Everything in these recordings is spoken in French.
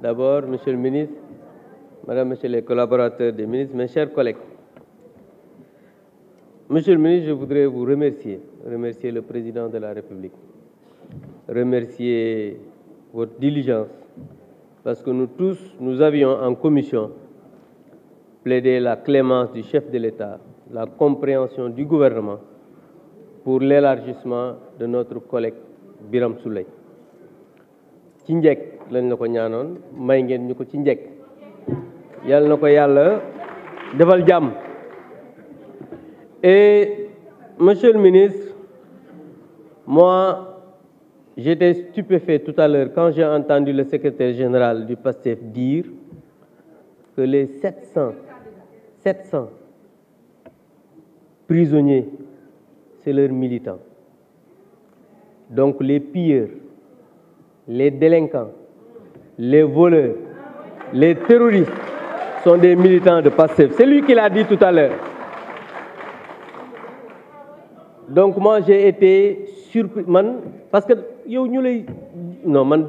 D'abord, Monsieur le ministre, Madame, Monsieur les collaborateurs des ministres, mes chers collègues. Monsieur le ministre, je voudrais vous remercier, remercier le président de la République, remercier votre diligence, parce que nous tous, nous avions en commission plaidé la clémence du chef de l'État, la compréhension du gouvernement pour l'élargissement de notre collègue Biram Souley. Tindjek, et monsieur le ministre moi j'étais stupéfait tout à l'heure quand j'ai entendu le secrétaire général du PASTEF dire que les 700 700 prisonniers c'est leurs militants donc les pires, les délinquants les voleurs, les terroristes sont des militants de PASSEF. C'est lui qui l'a dit tout à l'heure. donc moi j'ai été surpris parce que non man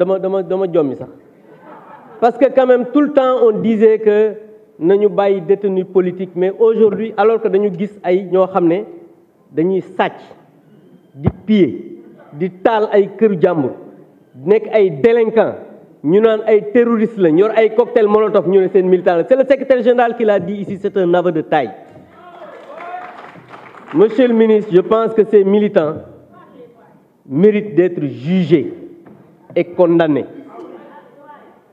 parce que quand même tout le temps on disait que nañu des détenus politiques. mais aujourd'hui alors que nous gis ay nous avons vu dañuy des pieds, des di des ay kër des délinquants nous terroristes molotov c'est le secrétaire général qui l'a dit ici c'est un aveu de taille monsieur le ministre je pense que ces militants méritent d'être jugés et condamnés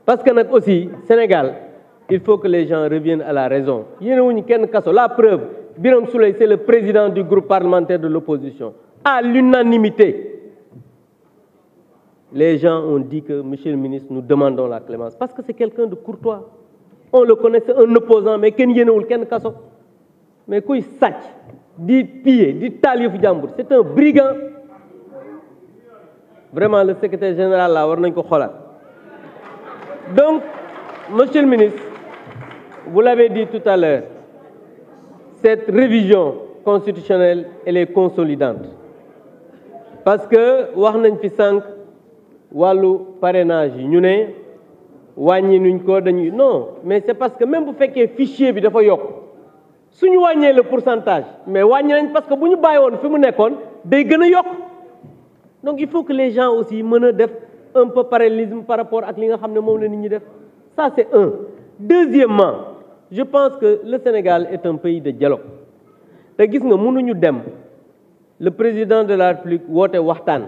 parce que aussi Sénégal il faut que les gens reviennent à la raison la preuve Birame Souley, c'est le président du groupe parlementaire de l'opposition à l'unanimité les gens ont dit que, monsieur le ministre, nous demandons la clémence. Parce que c'est quelqu'un de courtois. On le connaissait un opposant, mais ken yenoul, ken kasso. Mais quoi, sache dit ce dit talif C'est un brigand. Vraiment, le secrétaire général, là, Donc, monsieur le ministre, vous l'avez dit tout à l'heure, cette révision constitutionnelle, elle est consolidante. Parce que, Warnen wàllu parrainage ñu né wañi nuñ ko dañuy non mais c'est parce que même bu féké fichier bi dafa yok suñu wañé le pourcentage mais wàññi lañ parce que buñu ñu bàyyi woon fi mu nekkoon day gëna yok donc il faut que les gens aussi mën def un peu parallélisme par rapport ak li nga xamné ne la nit ñi def ça c'est un deuxièmement je pense que le Sénégal est un pays de dialogue te gis nga mënuñu dem le président de la République woote waxtaan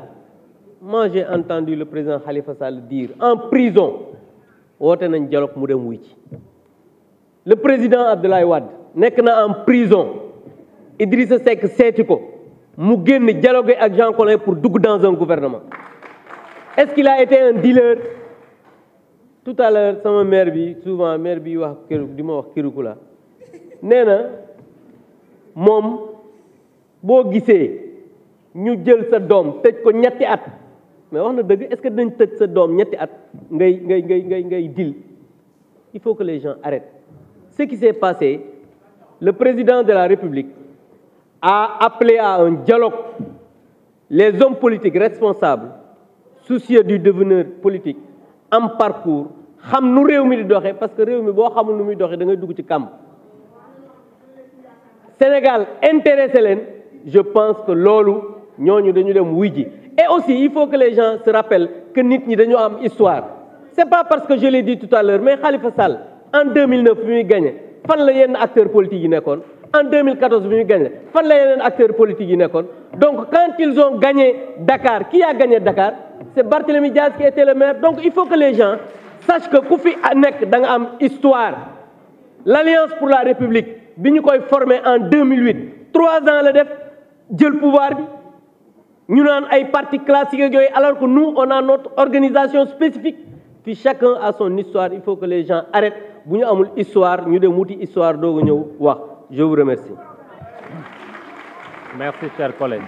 moi j'ai entendu le président Khalifa Sall dire en prison dialogue le président Abdoulaye Wade n'est en prison Idrissa Seck seeti mu pour dans un gouvernement est-ce qu'il a été un dealer tout à l'heure sa mère souvent mère, bi wax di wax ñu jël sa at mais on na dëgg est-ce que nous tëj sa doom at ngay ngay ngay ngay dil il faut que les gens arrêtent ce qui s'est passé le président de la République a appelé à un dialogue les hommes politiques responsables soucieux du devenir politique en parcours xam nu réew mi di doxee parce que réew mi boo xamul nu muy doxee da ngay dugg ci kàmb Sénégal intéressé je pense que loolu ñooñu dañu dem wuy ji et aussi, il faut que les gens se rappellent que nous avons une histoire. Ce n'est pas parce que je l'ai dit tout à l'heure, mais Khalifa Sall, en 2009, il a gagné. Fan la yenn acteur politique en 2014 il a gagné fan la yenn acteur politique donc quand ils ont gagné Dakar qui a gagné Dakar c'est Barthélémy Diaz qui était le maire donc il faut que les gens sachent que ku fi nek da histoire l'alliance pour la république bi a koy formé en 2008 trois ans l'EDF, def le pouvoir nous avons ay partis classiques alors que nous on a notre organisation spécifique puis chacun a son histoire il faut que les gens arrêtent Nous une histoire nous avons une histoire je vous remercie merci chers collègues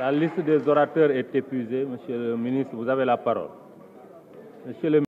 la liste des orateurs est épuisée monsieur le ministre vous avez la parole monsieur le